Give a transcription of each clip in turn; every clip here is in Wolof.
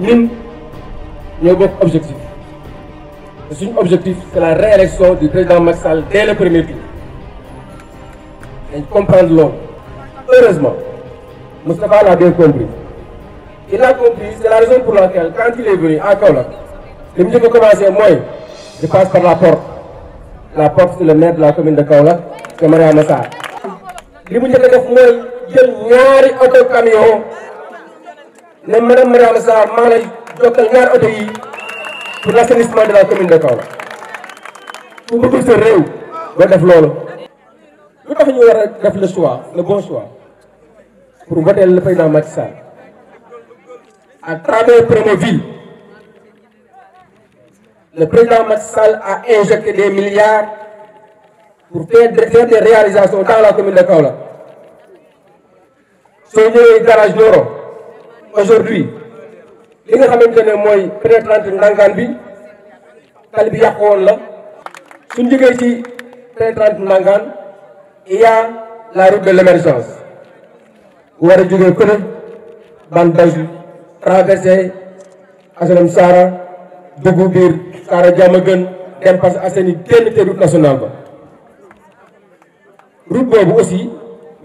ñun ñoo bokk objectif te suñu objectif c'est la réélection du président Macky dès le premier tour dañ comprendre loolu heureusement Moustapha l'a bien compris il a compris c'est la raison pour laquelle quand il est venu à Kaolack li mu njëkk a mooy je passe par la porte la porte c'est le maire de la commune de Kaolack c'est Mariama Sarr li mu njëkk def mooy jël ñaari auto camion ne madame Mariama Sarr maa lay jokkal ñaar oto yi pour l'assainissement de la commune de Kaolack ku bëgg sa réew ba def loolu lu tax ñu war a le choix le bon choix pour voter le président Macky Sall à travers Promoville le président Macky Sall a injecté des milliards pour faire des réalisations dans la commune de Kaolack soo ñëwee garage Nioro aujourd'hui li nga xamante ne mooy pénétrante ndànkaan bi tali bi woon la suñ jógee ci pénétrante ndànkaan il a la route de l'émergence war a jógee pëne ban bay traversé asalum saara dugg biir saara jàmm gën dem parce que asèni génn te route nationale ba route boobu aussi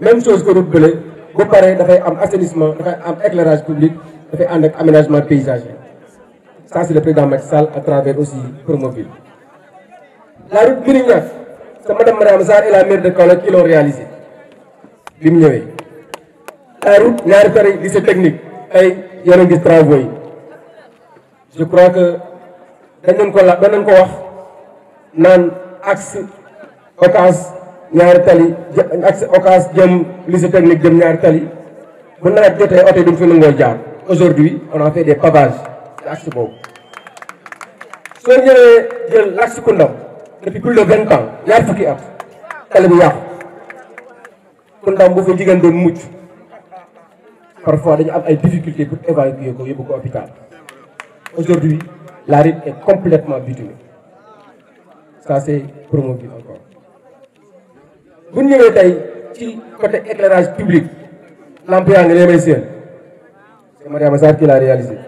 même chose que route bële ba pare dafay am assainissement dafay am éclairage public dafay ànd ak aménagement paysage ça c'est le président Macky Sall à travers aussi Promoville. la route Birignac c'est madame Mariam Sarr et la maire de Kaolack qui l'ont réalisée bi mu ñëwee. la route ñaari fere lycée technique ay yéen a gis travaux yi je crois que dañ leen ko la dañ leen ko wax naan axe Ocass. ñaari tali ak occas jëm lycée technique jëm ñaari tali bu nawet jotee oto yi duñ fi nangoo jaar aujourd'hui on a fait des pavages ci axe boobu soo ñëwee jël l'axe Koundaw depuis plus de vingt ans ñaar fukki at tali bu yàqu Koundaw bu fa jigéen doon mucc parfois dañu am ay difficultés pour évacuer ko yóbbu ko hôpital aujourd'hui la rue est complètement bitumée ça c'est promovible encore bu ñu ñëwee tey ci côté éclairage public lamp yaa ngi lee may seen c'est Mariama Sarr qui l'a réalisé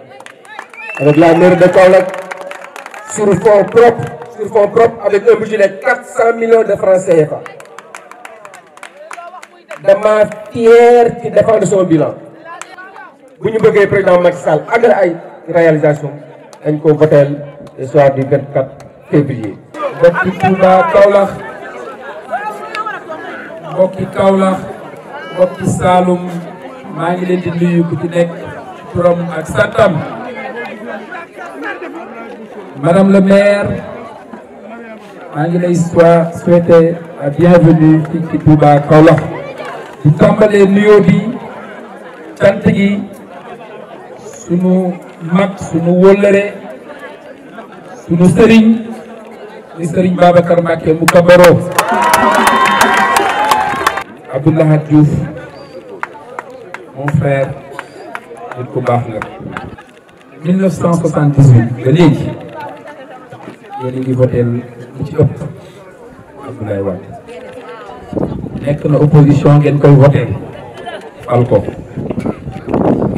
avec la mairie de Kaolack sur fonds propres sur fonds propres avec un budget de 400 millions de francs CFA dama fier ci défendre bilan bu ñu bëggee président Macky Sall àggal ay réalisation dañ ko votel le soir du 24 février. mbokk Touba Kaolack. mbokki Kaolack mbokki Saloum maa ngi leen di nuyu ku ci nekk turam ak santam madame le maire maa ngi lay souhaiter la bienvenue fii ci Touba Kaolack di tàmbalee nuyoo bi gi sunu mag sunu wóllëre sunu sëriñ ni sëriñ Babacar Mbacké mu kabaro Abdoulahat Diouf mon frère nit ku baax nga 1978 ba léegi yéen a ngi voté li ci ëpp Abdoulaye Wade nekk na opposition ngeen koy voté fal ko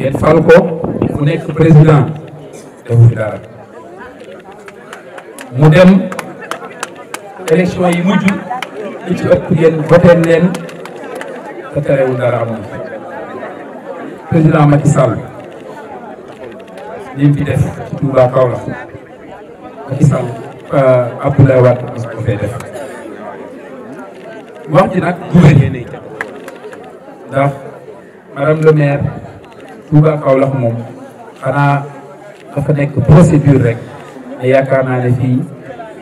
ngeen fal ko mu nekk mu dem élection yi mujj li ci ëpp ngeen voté leen te terewul dara amul président Macky Sall li mu fi def ci Touba Kaolack Macky Sall euh, Abdoulaye Wade ko fee wax ji nag duwér ndax madame le maire Touba Kaolack moom xanaa dafa nekk procédure rek te yaakaar naa ne fii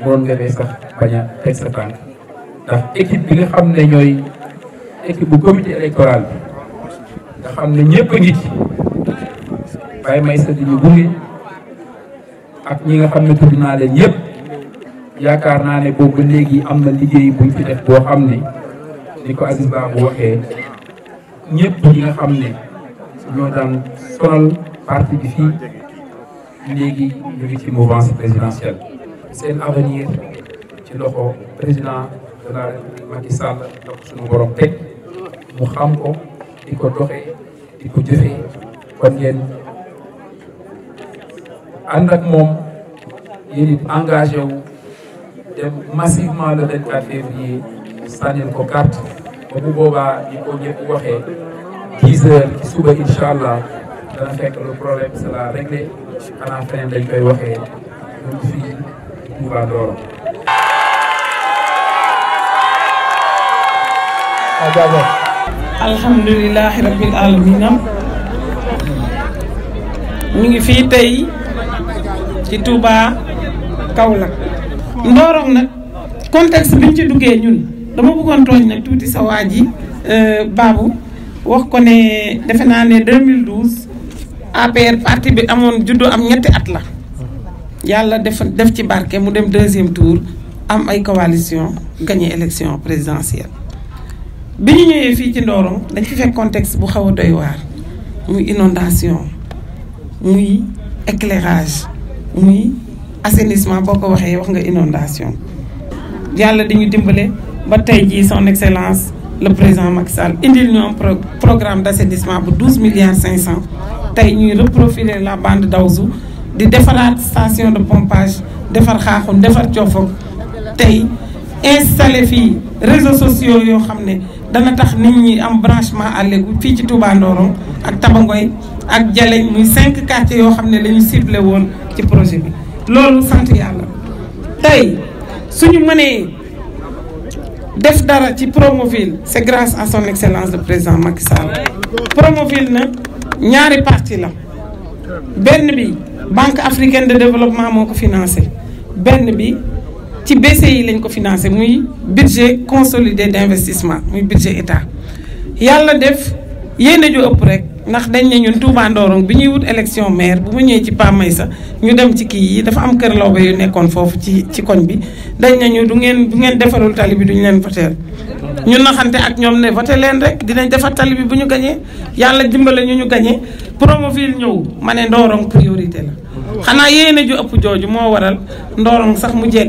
mënoon nga sax bañ a teg ndax équipe bi nga xam ne ñooy équipe bu comité électoral nga xam ne ñëpp a ngi ci Maysa di ñu gunge ak ñi nga xam ne tudd naa leen yëpp yaakaar naa ne boobu léegi am na liggéey buñ fi def boo xam ne ni ko Aziz Ba bu waxee ñëpp ñi nga xam ne ñoo daan sonal parti bi fii léegi ñu ngi ci présidentielle seen avenir ci loxo président de la République Sall la ko teg mu xam ko di ko doxee di ko jëfee kon ngeen ànd moom yéen it engagé wu dem massivement le 24 février sànnil ko carte ba bu boobaa ñi ko ñëpp waxee 10 heures suba incha allah dana fekk le problème sera réglé xanaa feneen dañ koy waxee ñun fii Touba Ndorong. waaw jaajëf alhamdulilahi rabbil alamina ñu ngi fii tey ci Touba Kaolack Ndorong nag contexte bi ñu ci duggee ñun dama bëggoon tooñ na tuuti sa waa ji euh, Babou wax ko ne defe naa ne 2012 APR parti bi amoon juddu am ñetti at la yàlla def def ci barke mu dem deuxième tour am ay coalition gagné élection présidentielle bi ñu ñëwee fii ci Ndorong dañ fi fekk contexte bu xaw a doy waar muy inondation muy éclairage muy assainissement boo ko waxee wax nga inondation yàlla di dañu dimbale ba tey jii son excellence le président Macky Sall indil ñu am programme d' assainissement bu douze milliards cinq cent tey ñuy reprofiler la bande Daouzu di defaraat station de pompage defar xaaxun defar coofog tey installé fii réseaux sociaux yoo xam ne dana tax nit ñi am branchement à fii ci Touba Ndorong ak Tabangoy ak Jaleñ muy cinq quartiers yoo xam ne la ñu woon ci projet bi loolu sant yàlla tey suñu mënee def dara ci Promoville c'est grace à son excellence le président Macky Sall Promoville nag ñaari parti la benn bi Banque africaine de développement moo ko financé benn bi ci BCI lañ ko financé muy budget consolidé d'investissement muy budget état yàlla def yéen ju ëpp rek ndax dañ ne ñun Touba Ndorong bi ñuy wut élection maire bu ma ñëwee ci Pa sax ñu dem ci kii yi dafa am kër lawbe yu nekkoon foofu ci ci koñ bi dañ nañu du ngeen du ngeen defarul tali bi duñu leen voter ñu naxante ak ñoom ne voté leen rek dinañ defar tali bi bu ñu gañee yàlla dimbale ñu ñu gañee Promoville ñëw ma ne Ndorong priorité la xanaa yéene ju ëpp jooju moo waral Ndorong sax mu jee